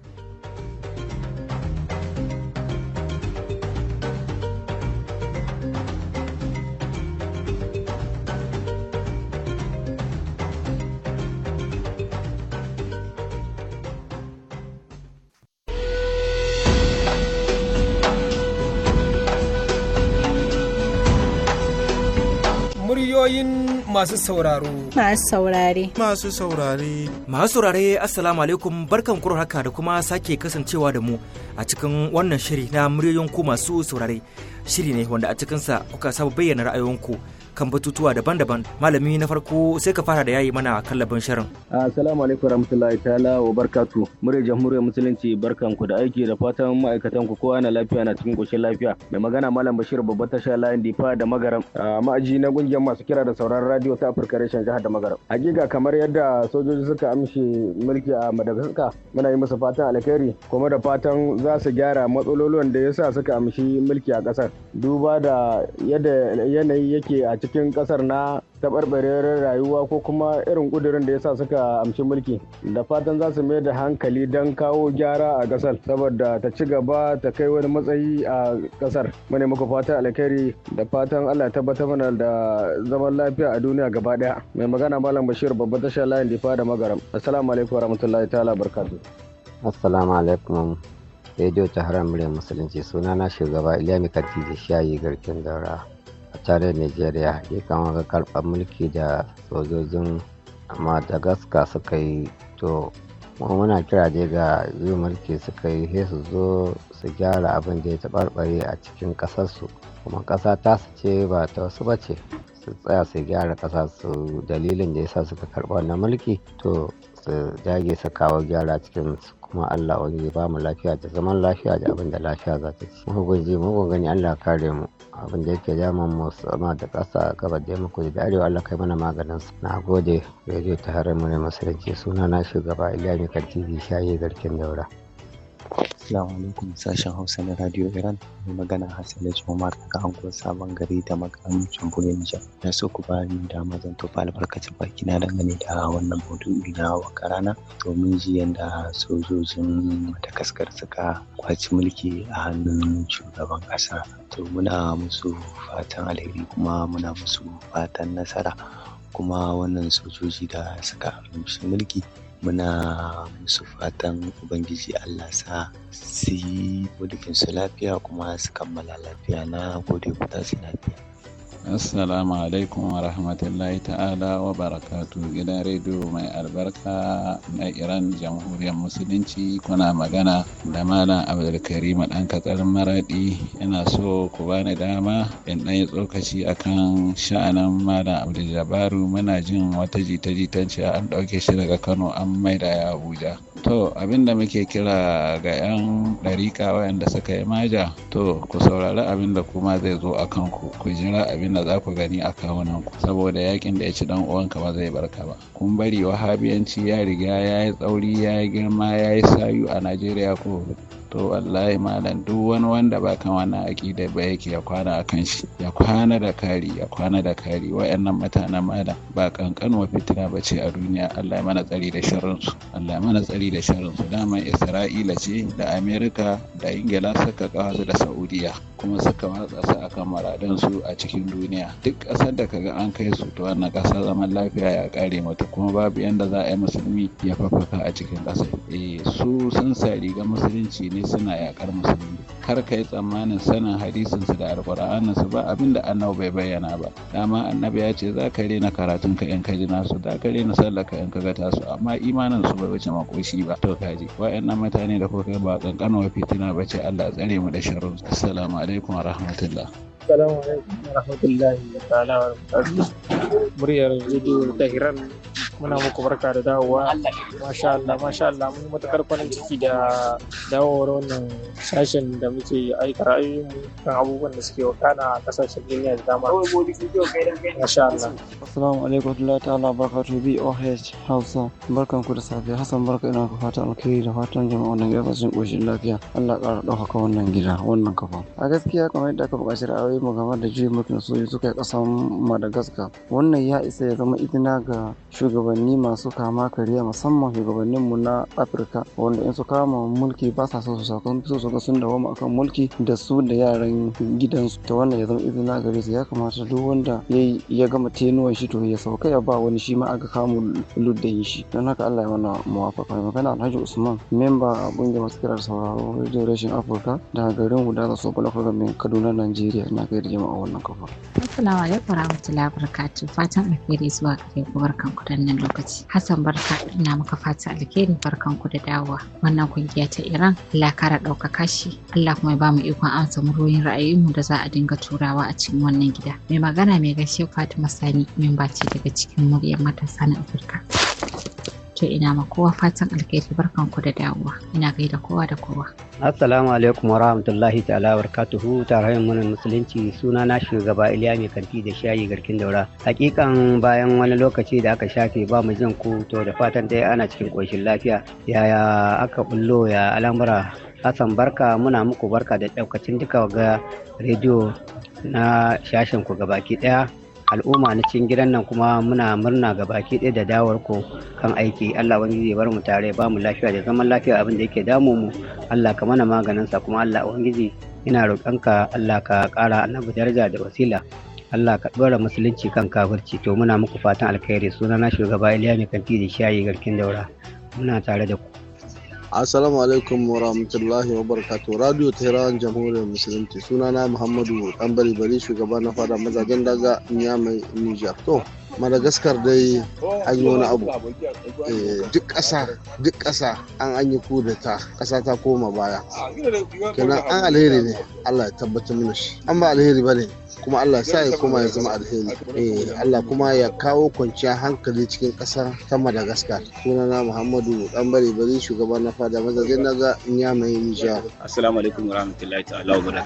masu sauraro. Masu saurare. Masu saurare. Masu saurare Assalamu alaikum barkan kuro haka da kuma sake kasancewa da mu a cikin wannan shiri na muryoyin ku masu saurare. Shiri ne wanda a cikinsa kuka saba bayyana ku. kan batutuwa daban-daban malami na farko sai ka fara da yayi mana kallabin shirin assalamu alaikum warahmatullahi ta'ala wa barkatu mure jamhuriyar musulunci barkan ku da aiki da fatan ma'aikatan ku kowa na lafiya na cikin koshin lafiya mai magana malam bashir babban tasha layin difa da magaram ma'aji na gungiyar masu kira da sauran radio ta afirka reshen jihar da magaram hakika kamar yadda sojoji suka amshi mulki a madagascar muna yi musu fatan alkhairi kuma da fatan za su gyara matsalolin da yasa suka amshi mulki a kasar duba da yadda yanayi yake a cikin kasar na taɓarɓarewar rayuwa ko kuma irin ƙudurin da ya sa suka amshi mulki da fatan za su mai da hankali don kawo gyara a kasar saboda ta ci gaba ta kai wani matsayi a ƙasar. mune muku fatan alkhairi da fatan allah ya tabbatar mana da zaman lafiya a duniya gaba daya mai magana malam bashir babban tashar layin difa da magaram assalamu alaikum warahmatullahi ta'ala barkatu assalamu alaikum radio ta haram musulunci sunana shugaba iliyami kartiji shayi garkin daura tare Najeriya kama ga karɓar mulki da sojojin Madagascar suka yi to muna kira dai ga yi mulki suka yi sai su zo su gyara abin da ya taɓarɓare a cikin ƙasarsu kuma ƙasa ta su ce ba ta wasu ba ce su tsaya su gyara ƙasa su dalilin da ya sa suka karɓa wannan mulki to su dage su kawo gyara cikin su kuma Allah wani ya ba mu lafiya da zaman lafiya da abin da lafiya za ta ci mu guje mu gani Allah kare mu abin da yake damun mu sama da ƙasa gaba da muku da arewa Allah kai mana maganin su na gode radio ta harar mu ne masarauki suna na shugaba Iliya tv shaye garkin daura Assalamu alaikum sashen Hausa na Radio Iran mai magana Hassan Laji Umar daga anguwar Sabon Gari da makamin Jamhuriyar Nijar. Na so ku ba ni dama zan tofa albarkacin baki na dangane da wannan maudu'i na wakarana domin ji yadda sojojin Madagaskar suka kwaci mulki a hannun shugaban ƙasa. To muna musu fatan alheri kuma muna musu fatan nasara kuma wannan sojoji da suka amshi mulki muna musu fatan ubangiji allah sa su yi lafiya kuma su kammala lafiya na gode ku su lafiya Assalamu alaikum wa rahmatullahi ta'ala wa barakatu gidan rediyo mai albarka na Iran jamhuriyar musulunci kuna magana da Malam Abdulkarim dan katsar maraɗi, ina so ku bani dama in dan yi tsokaci akan sha'anan Malam Abdul muna jin wata jita-jitan cewa an dauke shi daga Kano an maida ya Abuja to abin da muke kira ga yan ɗarika wayanda suka yi maja to ku saurari abin da kuma zai zo a kanku. ku jira abin da za ku gani a kawunan ku saboda yakin da ya ci dan uwanka ba zai barka ba kun bari wahabiyanci ya riga ya yi tsauri ya yi girma ya yi sayu a najeriya ko to wallahi malam duk wani wanda ba kan wannan aƙida ba yake ya kwana a kan shi ya kwana da kari ya kwana da kari wayannan mutanen malam ba kankan wa fitina ba ce a duniya Allah ya mana tsari da sharrin su Allah ya mana tsari da sharrin su dama Isra'ila ce da Amerika da Ingila suka kawo da Saudiya kuma suka matsa su akan maradan su a cikin duniya duk ƙasar da kaga an kai su to wannan ƙasa zaman lafiya ya kare mata kuma babu yanda za a yi musulmi ya fafaka a cikin ƙasar eh su sun sa riga musulunci ne suna yaƙar musulmi kar ka yi tsammanin sanin hadisinsu su da alƙur'anin su ba abin da annabi bai bayyana ba dama annabi ya ce za ka rena karatun ka in ka ji nasu za ka rena sallar ka in ka ga tasu amma imanin su bai wuce makoshi ba to kaji wa'annan mutane da kuka ba kankanuwa fitina ba ce Allah tsare mu da sharru assalamu alaikum wa rahmatullah Assalamu alaikum warahmatullahi ta'ala wa barakatuh. Muryar Radio Tahiran muna muku barka da dawowa. Masha Allah, masha Allah mun matakar farin ciki da dawowar wannan sashen da muke aika ra'ayoyinmu kan abubuwan da suke wakana a kasashen duniya da dama. Masha Allah. Assalamu alaikum warahmatullahi ta'ala wa barakatuh. BOH Hausa. Barkan ku da safe. Hassan barka ina ku fatan alkhairi da fatan jama'a wannan gaba sun koshin lafiya. Allah ƙara ɗaukaka wannan gida, wannan kafa. A gaskiya kamar yadda aka buƙaci ra'ayoyi ma game da juyin mulkin soji suka yi kasan madagascar wannan ya isa ya zama izina ga shugabanni masu kama kariya musamman mu na afirka wanda in su kama mulki ba sa so su sakon so su ga sun dawo akan mulki da su da yaran gidansu ta wannan ya zama izina gare su ya kamata duk wanda ya gama tenuwan shi to ya sauka ya ba wani shi ma aka kama luddan shi don haka allah ya mana muwafaka mai magana alhaji usman memba a kungiyar masu kirar sauraro rashin afirka daga garin guda da sokola kurgan kaduna najeriya na gaida jama'a wannan kafa. Assalamu alaikum warahmatullahi wabarakatuh. Fatan alheri zuwa gare ku barkan ku nan lokaci. Hassan barka ina maka fata alheri barkan ku da dawowa. Wannan kungiya ta Iran Allah kara ɗaukaka shi. Allah kuma ba mu ikon amsa muryoyin mu da za a dinga turawa a cikin wannan gida. Mai magana mai gaishe Fatima Sani memba ce daga cikin muryar matasa na Afirka. ce ina ma kowa fatan alkhairi barkan ku da dawowa ina gaida kowa da kowa assalamu alaikum wa rahmatullahi ta'ala wa barakatuhu tarayyar munin musulunci suna na shugaba iliya mai kanti da shayi garkin daura hakikan bayan wani lokaci da aka shafe ba mu jin ku to da fatan dai ana cikin koshin lafiya yaya aka bullo ya al'amura Hassan barka muna muku barka da daukacin duka ga rediyo na shashin ku gabaki daya al'umma na cikin gidan nan kuma muna murna ga baki ɗaya da dawar ku kan aiki Allah wani zai bar mu tare ba mu lafiya da zaman lafiya abin da yake damu mu Allah ka mana maganin sa kuma Allah ubangiji ina roƙonka Allah ka ƙara annabi daraja da wasila Allah ka ɗora musulunci kan kafirci to muna muku fatan alkhairi sunana shugaba Iliya mai kanti da shayi garkin daura muna tare da ku Assalamu alaikum wa rahmatullahi wa barakatuh. Radio Tehran Jamhuriyar Musulunci. Sunana Muhammadu Ɗanbari Bari shugaba na fada mazajen daga Niamey Niger. To, Madagaskar dai an yi wani abu. Eh, duk ƙasa, duk ƙasa an an yi kudata, ƙasa ta koma baya. Kenan an alheri ne, Allah ya tabbatar mana shi. An ba alheri ba ne, kuma Allah sa ya koma ya zama alheri eh, Allah kuma ya kawo kwanciyar hankali cikin kasar ta Madagascar sunana Muhammadu dan bari shugaban na fada zai naga mai Nijar Assalamu alaikum warahmatullahi ta'ala wa da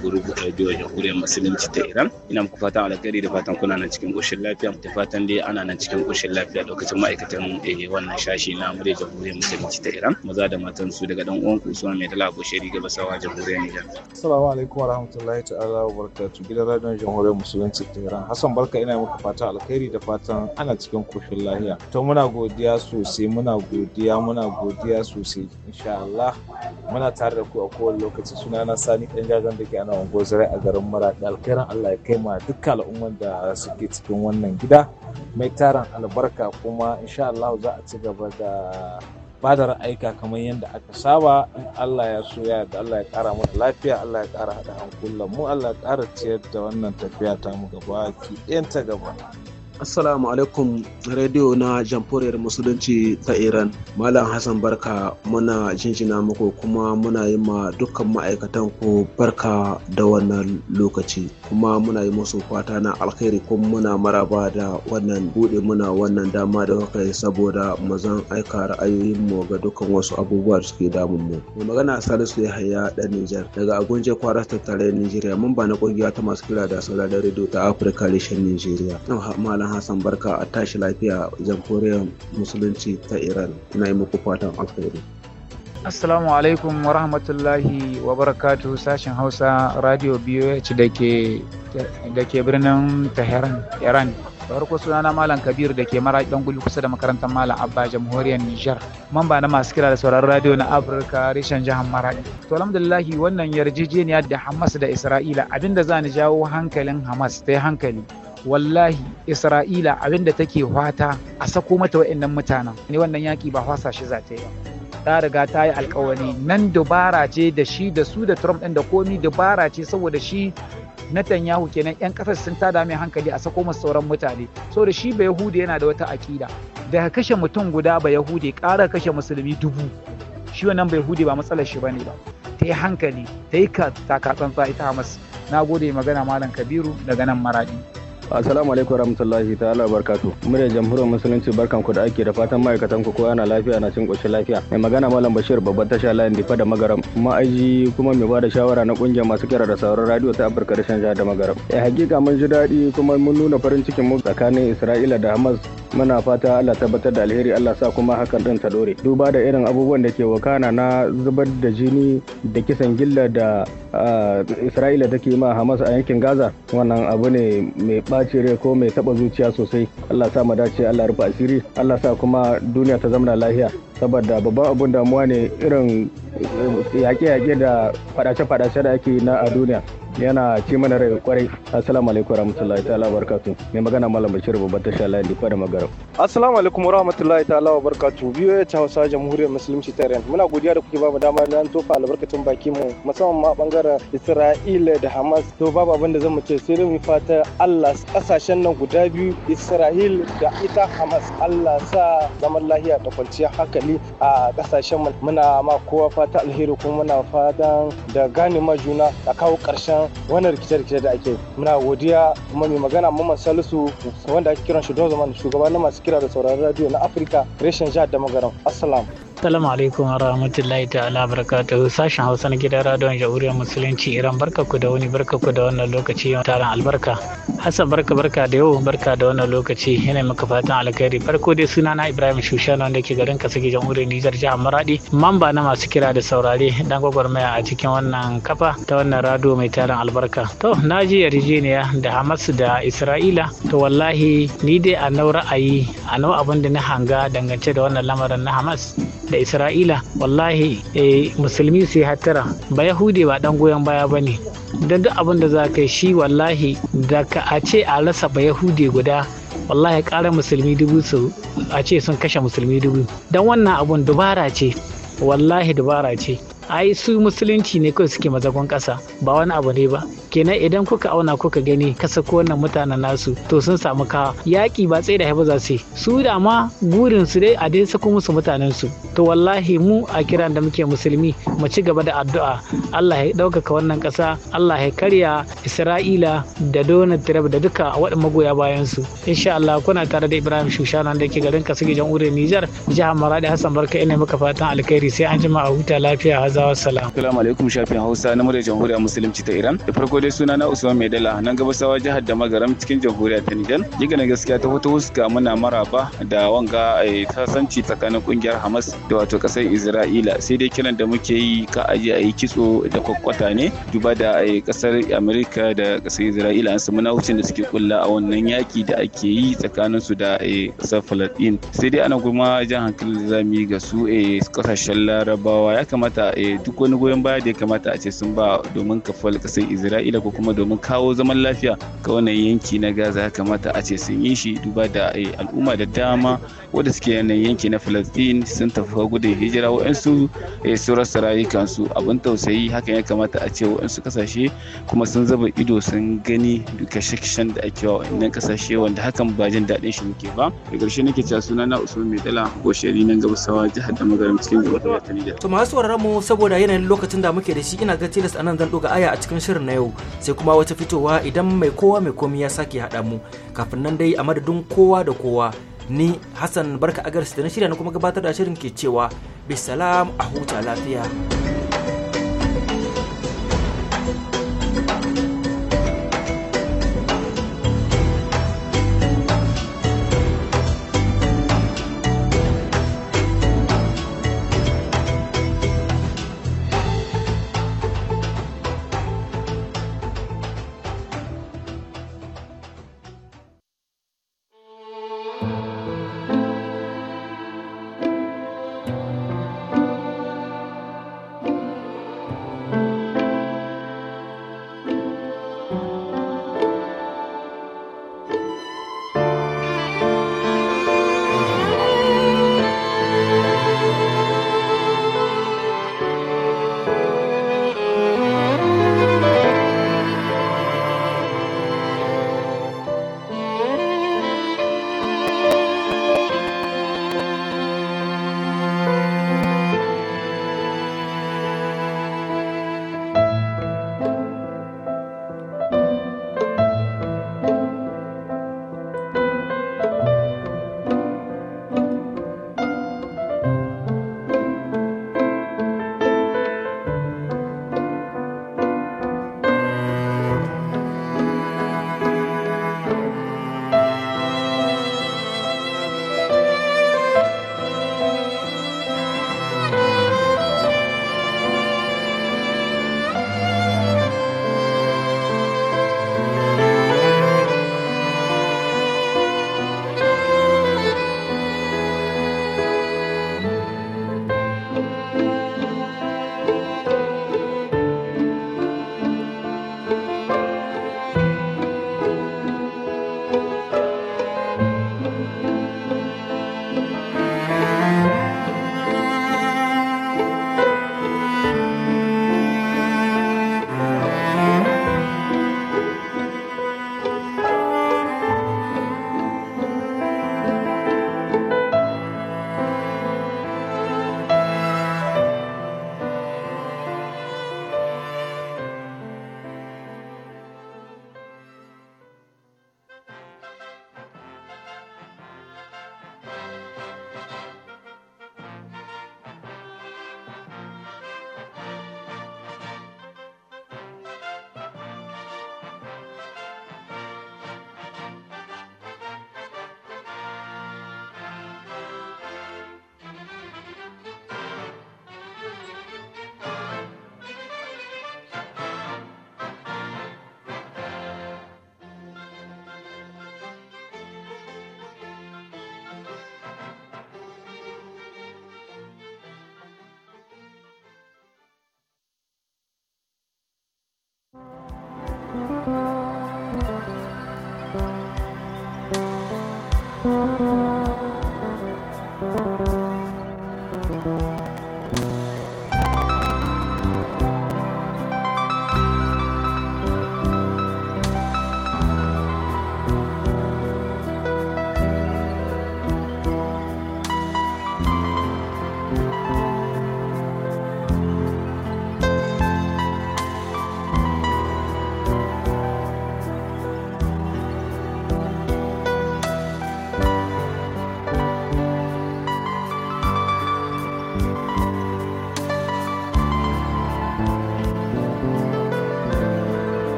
gurubu radio jamhuriyar musulunci ta Iran ina muku fatan alkhairi da fatan kuna nan cikin koshin lafiya da fatan dai ana nan cikin koshin lafiya lokacin ma'aikatan eh, wannan shashi na da jamhuriyar musulunci ta Iran maza da matan su daga dan ku suna mai dala Bushari Gabasawa jamhuriyar Nijar Assalamu alaikum warahmatullahi ta'ala wa barakatuh gidan radiyon jamhuriyar musulunci tehran hassan barka ina muku fata alkhairi da fatan ana cikin koshin lahiya to muna godiya sosai muna godiya muna godiya sosai insha Allah muna tare da ku a kowane lokaci suna na sani dan jajan da ke ana unguwar a garin maradi alkhairan Allah ya kai ma dukkan al'umman da suke cikin wannan gida mai taron albarka kuma insha Allah za a ci gaba da ba da ra'ayika kamar yadda aka saba in Allah ya so ya da Allah ya kara mana lafiya Allah ya kara haɗa hankulan mu Allah ya kara ciyar da wannan tafiya ta mu gaba ki ɗayan ta gaba. Assalamu alaikum rediyo na jamhuriyar musulunci ta Iran. Malam Hassan Barka muna jinjina muku kuma muna yi ma dukkan ma'aikatan ku barka da wannan lokaci kuma muna yi musu fata na alkhairi kuma muna maraba da wannan bude muna wannan dama da kuka yi saboda mazan zan aika ra'ayoyin mu ga dukkan wasu abubuwa da suke damun mu. Mai magana Salisu Yahaya dan Nijar daga Agunje Kwara ta tare Nijeriya mun ba na kungiya ta masu kira da sauran rediyo ta Afirka Reshen Nijeriya. Malam Hassan Barka a tashi lafiya jamhuriyar musulunci ta Iran ina yi muku fatan alheri. Assalamu alaikum wa rahmatullahi wa barakatu sashen Hausa Radio BOH da ke birnin Tehran, Iran. da farko sunana malam kabir da ke mara ɗan gulu kusa da makarantar malam abba jamhuriyar nijar mamba na masu kira da sauraron radio na afirka reshen jihar maradi to alhamdulillahi wannan yarjejeniya da hamas da isra'ila abinda za ni jawo hankalin hamas ta hankali wallahi isra'ila abin abinda take fata a sako mata wa'annan mutanen ne wannan yaki ba hwasa shi za ta yi ta riga ta yi alkawari nan dubara ce da shi da su da trump ɗin da komi dubara ce saboda shi Netanyahu kenan 'yan kasar sun tada mai hankali a sako masa sauran mutane saboda shi ba Yahudi yana da wata akida daga kashe mutum guda ba Yahudi ƙara kashe musulmi dubu shi wannan ba Yahudi ba matsalar shi bane ba ta yi hankali ta yi taka tsantsa ita Hamas na gode magana Malam Kabiru daga nan Maradi. Assalamu alaikum warahmatullahi ta'ala barkatu. Murya jamhuriyar musulunci barkan ku da ake da fatan ma'aikatan ku kowa na lafiya na cin koshin lafiya. Mai magana Malam Bashir babban tasha layin difa da magaram. Ma'aji kuma mai bada shawara na kungiyar masu kira da sauran radio ta Afirka da jihar da magaram. Eh hakika mun ji daɗi kuma mun nuna farin cikin mu tsakanin Isra'ila da Hamas muna fata Allah tabbatar da alheri Allah sa kuma hakan din ta dore duba da irin abubuwan da ke wakana na zubar da jini da kisan gilla da Isra'ila take ma Hamas a yankin Gaza wannan abu ne mai ɓaci rai ko mai taɓa zuciya sosai Allah sa mu dace Allah rufa asiri Allah sa kuma duniya ta zamana lafiya saboda babban abun damuwa ne irin eh, yaƙe-yaƙe da faɗace-faɗace da ake na a duniya yana ci mana rai kwarai assalamu alaikum warahmatullahi ta'ala barkatu mai magana malam bashir babban tasha layin difa da magarab assalamu alaikum warahmatullahi ta'ala barkatu biyo ya ta hausa jamhuriyar musulunci ta iran muna godiya da kuke mu dama da tofa albarkacin baki mu musamman ma bangaren isra'ila da hamas to babu abin da zan ce sai dai mu fata allah kasashen nan guda biyu isra'il da ita hamas allah sa zaman lahiya da kwanciyar hankali hankali a kasashen mu muna ma kowa fata alheri kuma muna fatan da gane ma juna a kawo karshen wannan rikice-rikice da ake muna godiya kuma mai magana mamman salisu wanda ake kiran shi don zaman shugaban na masu kira da sauraron radio na afirka reshen jihar da magaram assalam Assalamu alaikum wa rahmatullahi ta'ala barakatuhu sashen Hausa na gidan radon jamhuriyar musulunci Iran barka ku da wani barka ku da wannan lokaci taron albarka. Hassan barka barka da yau barka da wannan lokaci yana maka fatan alkhairi farko dai suna na Ibrahim Shushana wanda ke garin Kasige jamhuriyar Nijar jihar Maradi mamba na masu kira da saurare dan gwagwarmaya a cikin wannan kafa ta wannan rado mai tarin albarka. To na ji yarjejeniya da Hamas da Isra'ila to wallahi ni dai a nau ra'ayi a nau abin da na hanga dangance da wannan lamarin na Hamas da Isra'ila wallahi eh, musulmi su yi hattara ba Yahudi ba dan goyon baya ba ne. duk abin da za ka yi shi wallahi da ka a ce a rasa ba Yahudi guda wallahi ƙara musulmi dubu su a ce sun kashe musulmi dubu don wannan abun dubara ce wallahi dubara ce ai su musulunci ne kawai suke mazagon kasa. ba wani abu ne ba kenan idan kuka auna kuka gani kasa ko wannan mutanen nasu to sun samu kawa Yaki ba tsaye da haifar za su su da ma gurin su dai a dai sako musu mutanen su to wallahi mu a kiran da muke musulmi mu ci gaba da addu'a Allah ya ɗaukaka wannan kasa. Allah ya karya Isra'ila da Donald Trump da duka waɗanda magoya bayan su insha Allah kuna tare da Ibrahim Shushana da ke garin Kasige Ure Nijar jihar Maradi Hassan Barka ina maka fatan alkhairi sai an jima a huta lafiya haza Hausawa salam. Assalamu alaikum shafin Hausa na murya Jamhuriyar Musulunci ta Iran. Da farko dai suna na Usman Maidala nan gabasawa jihar da Magaram cikin Jamhuriyar ta Nijar. Jiga na gaskiya ta hoto huska muna maraba da wanga tasanci eh, tsakanin kungiyar Hamas da wato kasar Isra'ila. Sai dai kiran da muke yi ka aje a yi kitso da kwakwata ne duba da eh, kasar Amerika da kasar Isra'ila an samu nawucin da suke kulla a wannan yaki da ake yi tsakanin su da eh, kasar Sai dai ana kuma jan hankali da zamu yi ga su kasashen Larabawa ya kamata a duk wani goyon baya da ya kamata a ce sun ba domin kafal kasar isra'ila ko kuma domin kawo zaman lafiya ga wannan yanki na gaza ya kamata a ce sun yi shi duba da eh, al'umma da dama wanda suke yanayin yanki na falastin sun tafi gudun hijira wa'ansu eh, su rasa rayukansu abin tausayi hakan ya kamata a ce wa'ansu kasashe kuma sun zaba ido sun gani duka kashen da ake wa wa'annan kasashe wanda hakan ba jin daɗin shi muke ba da ƙarshe nake cewa suna na usman mai dala ne nan gabasawa jihar da magaram cikin gaba ta nijar. to masu mu saboda yanayin lokacin da muke da shi ina ga tilas anan zan ɗuga aya a cikin shirin na yau sai kuma wata fitowa idan mai kowa mai komi ya sake haɗa mu kafin nan dai a madadin kowa da kowa ni hassan barka agar da na shirya na kuma gabatar da shirin ke cewa bisalam a huta lafiya.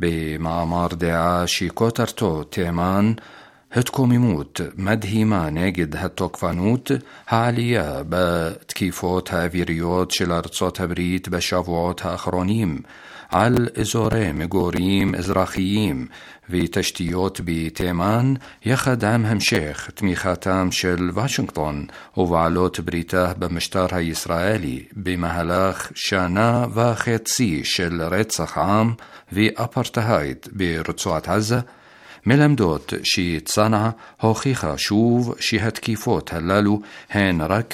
بمعمار داعشی کۆتەرتۆ تێمان هەت کۆمیموت مەدهیمانێگید هەتۆکفانوت حالیە بە تکیفۆ تاڤیریۆت چلەرچۆ تەبریت بە شەڤۆ تاخڕۆنیم על אזורי מגורים אזרחיים ותשתיות בתימן, יחד עם המשך תמיכתם של וושינגטון ובעלות בריתה במשטר הישראלי במהלך שנה וחצי של רצח עם ואפרטהייד ברצועת עזה, מלמדות שצנעה הוכיחה שוב שהתקיפות הללו הן רק